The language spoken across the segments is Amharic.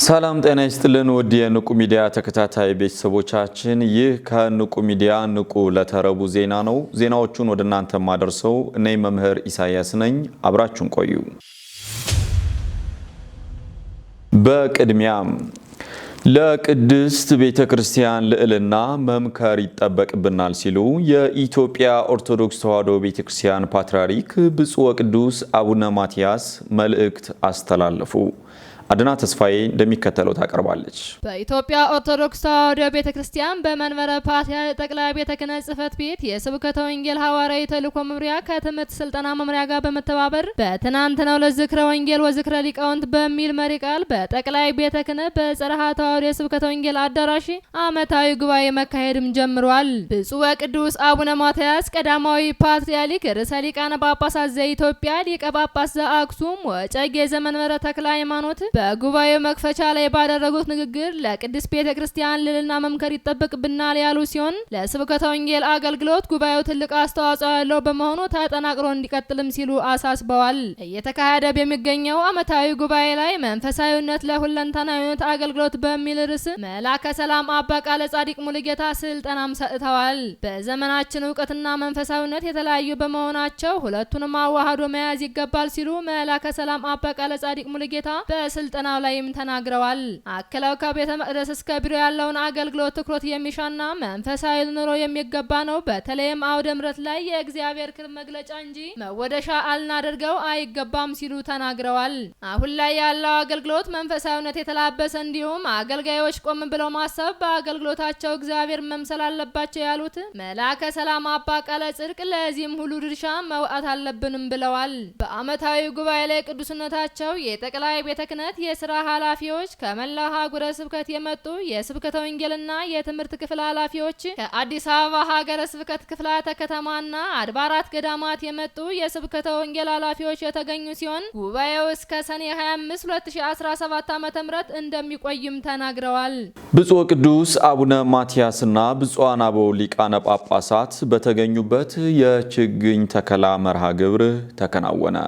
ሰላም ጤና ይስጥልን ውድ የንቁ ሚዲያ ተከታታይ ቤተሰቦቻችን፣ ይህ ከንቁ ሚዲያ ንቁ ለተረቡ ዜና ነው። ዜናዎቹን ወደ እናንተ ማደርሰው እኔ መምህር ኢሳያስ ነኝ። አብራችሁን ቆዩ። በቅድሚያም ለቅድስት ቤተ ክርስቲያን ልዕልና መምከር ይጠበቅብናል ሲሉ የኢትዮጵያ ኦርቶዶክስ ተዋሕዶ ቤተ ክርስቲያን ፓትርያርክ ብፁዕ ወቅዱስ አቡነ ማትያስ መልእክት አስተላለፉ። አድና ተስፋዬ እንደሚከተለው ታቀርባለች። በኢትዮጵያ ኦርቶዶክስ ተዋሕዶ ቤተ ክርስቲያን በመንበረ ፓትርያርክ ጠቅላይ ቤተ ክህነት ጽሕፈት ቤት የስብከተ ወንጌል ሐዋርያዊ ተልእኮ መምሪያ ከትምህርት ስልጠና መምሪያ ጋር በመተባበር በትናንትናው ዕለት ዝክረ ወንጌል ወዝክረ ሊቃውንት በሚል መሪ ቃል በጠቅላይ ቤተ ክህነት በጽርሐ ተዋሕዶ የስብከተ ወንጌል አዳራሽ ዓመታዊ ጉባኤ መካሄድም ጀምሯል። ብፁዕ ወቅዱስ አቡነ ማትያስ ቀዳማዊ ፓትርያርክ ርዕሰ ሊቃነ ጳጳሳት ዘኢትዮጵያ ሊቀ ጳጳስ ዘአክሱም ወጨጌ ዘመንበረ ተክለ ሃይማኖት በጉባኤው መክፈቻ ላይ ባደረጉት ንግግር ለቅድስት ቤተ ክርስቲያን ልልና መምከር ይጠበቅብናል ያሉ ሲሆን ለስብከተ ወንጌል አገልግሎት ጉባኤው ትልቅ አስተዋጽኦ ያለው በመሆኑ ተጠናቅሮ እንዲቀጥልም ሲሉ አሳስበዋል። እየተካሄደ በሚገኘው ዓመታዊ ጉባኤ ላይ መንፈሳዊነት ለሁለንተናዊነት አገልግሎት በሚል ርዕስ መላከ ሰላም አባ ቃለ ጻዲቅ ሙሉጌታ ስልጠናም ሰጥተዋል። በዘመናችን እውቀትና መንፈሳዊነት የተለያዩ በመሆናቸው ሁለቱንም አዋህዶ መያዝ ይገባል ሲሉ መላከ ሰላም አባ ቃለ ጻዲቅ ሙሉጌታ በስልጠና በስልጠናው ላይም ተናግረዋል። አክለው ከቤተ መቅደስ እስከ ቢሮ ያለውን አገልግሎት ትኩረት የሚሻና መንፈሳዊ ኑሮ የሚገባ ነው። በተለይም አውደ ምረት ላይ የእግዚአብሔር ክብር መግለጫ እንጂ መወደሻ አልናደርገው አይገባም ሲሉ ተናግረዋል። አሁን ላይ ያለው አገልግሎት መንፈሳዊነት የተላበሰ እንዲሁም አገልጋዮች ቆም ብለው ማሰብ በአገልግሎታቸው እግዚአብሔር መምሰል አለባቸው ያሉት መላከ ሰላም አባ ቃለ ጽድቅ ለዚህም ሁሉ ድርሻ መውጣት አለብንም ብለዋል። በአመታዊ ጉባኤ ላይ ቅዱስነታቸው የጠቅላይ ቤተ ክህነት የስራ ኃላፊዎች፣ ከመላው ሀገረ ስብከት የመጡ የስብከተ ወንጌልና የትምህርት ክፍል ኃላፊዎች፣ ከአዲስ አበባ ሀገረ ስብከት ክፍላተ ከተማና አድባራት ገዳማት የመጡ የስብከተ ወንጌል ኃላፊዎች የተገኙ ሲሆን ጉባኤው እስከ ሰኔ 25 2017 ዓ.ም እንደሚቆይም ተናግረዋል። ብፁዕ ቅዱስ አቡነ ማትያስና ብፁዓን አበው ሊቃነ ጳጳሳት በተገኙበት የችግኝ ተከላ መርሃ ግብር ተከናወነ።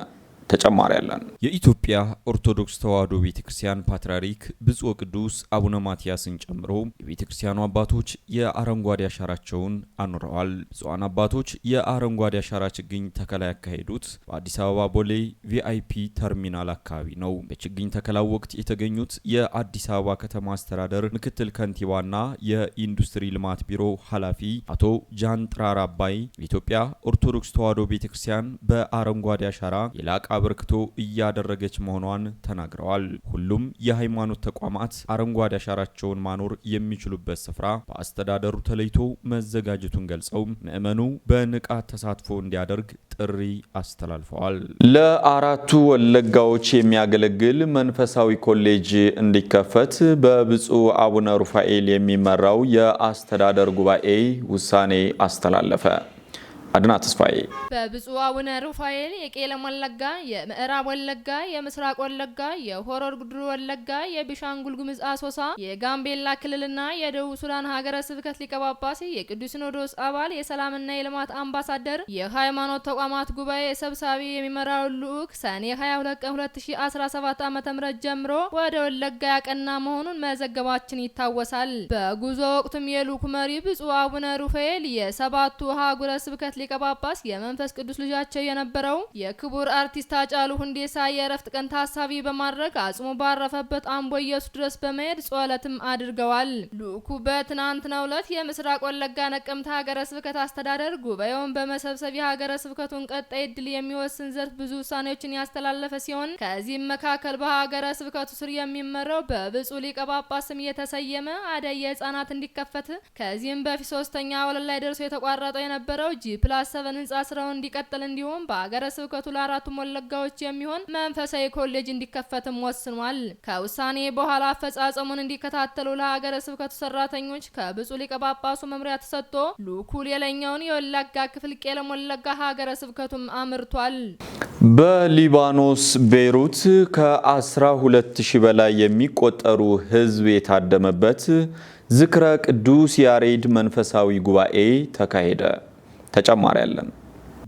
ተጨማሪ አለን። የኢትዮጵያ ኦርቶዶክስ ተዋሕዶ ቤተ ክርስቲያን ፓትርያርክ ብፁዕ ቅዱስ አቡነ ማትያስን ጨምሮ የቤተ ክርስቲያኑ አባቶች የአረንጓዴ አሻራቸውን አኑረዋል። ብፁዓን አባቶች የአረንጓዴ አሻራ ችግኝ ተከላ ያካሄዱት በአዲስ አበባ ቦሌ ቪአይፒ ተርሚናል አካባቢ ነው። በችግኝ ተከላው ወቅት የተገኙት የአዲስ አበባ ከተማ አስተዳደር ምክትል ከንቲባና የኢንዱስትሪ ልማት ቢሮ ኃላፊ አቶ ጃን ጥራር አባይ የኢትዮጵያ ኦርቶዶክስ ተዋሕዶ ቤተ ክርስቲያን በአረንጓዴ አሻራ የላቀ አበርክቶ እያደረገች መሆኗን ተናግረዋል። ሁሉም የሃይማኖት ተቋማት አረንጓዴ አሻራቸውን ማኖር የሚችሉበት ስፍራ በአስተዳደሩ ተለይቶ መዘጋጀቱን ገልጸው ምዕመኑ በንቃት ተሳትፎ እንዲያደርግ ጥሪ አስተላልፈዋል። ለአራቱ ወለጋዎች የሚያገለግል መንፈሳዊ ኮሌጅ እንዲከፈት በብፁዕ አቡነ ሩፋኤል የሚመራው የአስተዳደር ጉባኤ ውሳኔ አስተላለፈ። አድና ተስፋዬ በብፁዕ አቡነ ሩፋኤል የቄለም ወለጋ፣ የምዕራብ ወለጋ፣ የምስራቅ ወለጋ፣ የሆረር ጉድሩ ወለጋ፣ የቢሻንጉል ጉሙዝ አሶሳ፣ የጋምቤላ ክልልና የደቡብ ሱዳን ሀገረ ስብከት ሊቀ የቅዱስ ሲኖዶስ አባል፣ የሰላምና የልማት አምባሳደር፣ የሃይማኖት ተቋማት ጉባኤ ሰብሳቢ የሚመራው ልዑክ ሰኔ 22 ቀን 2017 ዓ.ም ጀምሮ ወደ ወለጋ ያቀና መሆኑን መዘገባችን ይታወሳል። በጉዞ ወቅቱም የልዑኩ መሪ ብፁዕ አቡነ ሩፋኤል የሰባቱ ሀገረ ስብከት ሊቀ ጳጳስ የመንፈስ ቅዱስ ልጃቸው የነበረው የክቡር አርቲስት አጫሉ ሁንዴሳ የእረፍት ቀን ታሳቢ በማድረግ አጽሙ ባረፈበት አምቦ ኢየሱስ ድረስ በመሄድ ጸሎትም አድርገዋል። ልኡኩ በትናንትናው ዕለት የምስራቅ ወለጋ ነቀምት ሀገረ ስብከት አስተዳደር ጉባኤውን በመሰብሰብ የሀገረ ስብከቱን ቀጣይ እድል የሚወስን ዘርፍ ብዙ ውሳኔዎችን ያስተላለፈ ሲሆን ከዚህም መካከል በሀገረ ስብከቱ ስር የሚመራው በብፁዕ ሊቀ ጳጳስ ስም የተሰየመ አደየ ህጻናት እንዲከፈት ከዚህም በፊት ሶስተኛ ወለል ላይ ደርሶ የተቋረጠው የነበረው ጂፕላ ለአሰበን ህንጻ ስራው እንዲቀጥል እንዲሁም በአገረ ስብከቱ ለአራቱም ወለጋዎች የሚሆን መንፈሳዊ ኮሌጅ እንዲከፈትም ወስኗል። ከውሳኔ በኋላ አፈጻጸሙን እንዲከታተሉ ለሀገረ ስብከቱ ሰራተኞች ከብፁዕ ሊቀ ጳጳሱ መምሪያ ተሰጥቶ ልኡኩ ሌላኛውን የወለጋ ክፍል ቄለም ወለጋ ሀገረ ስብከቱም አምርቷል። በሊባኖስ ቤይሩት ከ12000 በላይ የሚቆጠሩ ህዝብ የታደመበት ዝክረ ቅዱስ ያሬድ መንፈሳዊ ጉባኤ ተካሄደ። ተጨማሪ አለን።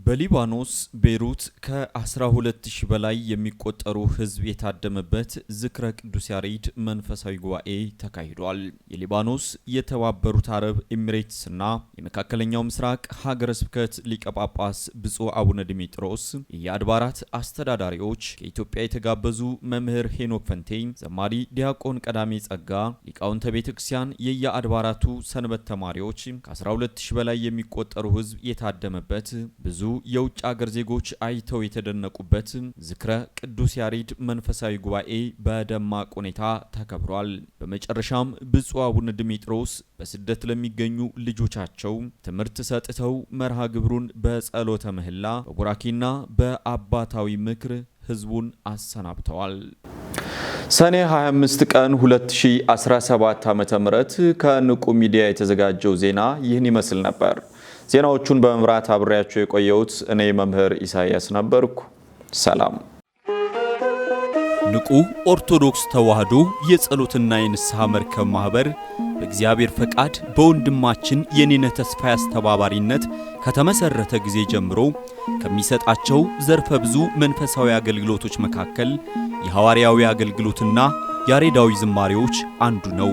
በሊባኖስ ቤይሩት ከ12000 በላይ የሚቆጠሩ ሕዝብ የታደመበት ዝክረ ቅዱስ ያሬድ መንፈሳዊ ጉባኤ ተካሂዷል። የሊባኖስ የተባበሩት አረብ ኤሚሬትስና የመካከለኛው ምስራቅ ሀገረ ስብከት ሊቀ ጳጳስ ብፁዕ አቡነ ዲሜጥሮስ፣ የአድባራት አስተዳዳሪዎች፣ ከኢትዮጵያ የተጋበዙ መምህር ሄኖክ ፈንቴ፣ ዘማሪ ዲያቆን ቀዳሜ ጸጋ፣ ሊቃውንተ ቤተ ክርስቲያን፣ የየአድባራቱ ሰንበት ተማሪዎች ከ12000 በላይ የሚቆጠሩ ሕዝብ የታደመበት ብዙ የውጭ አገር ዜጎች አይተው የተደነቁበት ዝክረ ቅዱስ ያሬድ መንፈሳዊ ጉባኤ በደማቅ ሁኔታ ተከብሯል። በመጨረሻም ብፁዕ አቡነ ድሜጥሮስ በስደት ለሚገኙ ልጆቻቸው ትምህርት ሰጥተው መርሃ ግብሩን በጸሎተ ምህላ በቡራኪና በአባታዊ ምክር ህዝቡን አሰናብተዋል። ሰኔ 25 ቀን 2017 ም ከንቁ ሚዲያ የተዘጋጀው ዜና ይህን ይመስል ነበር። ዜናዎቹን በመምራት አብሬያቸው የቆየሁት እኔ መምህር ኢሳያስ ነበርኩ። ሰላም። ንቁ ኦርቶዶክስ ተዋህዶ የጸሎትና የንስሐ መርከብ ማኅበር በእግዚአብሔር ፈቃድ በወንድማችን የኔነ ተስፋ አስተባባሪነት ከተመሠረተ ጊዜ ጀምሮ ከሚሰጣቸው ዘርፈ ብዙ መንፈሳዊ አገልግሎቶች መካከል የሐዋርያዊ አገልግሎትና ያሬዳዊ ዝማሬዎች አንዱ ነው።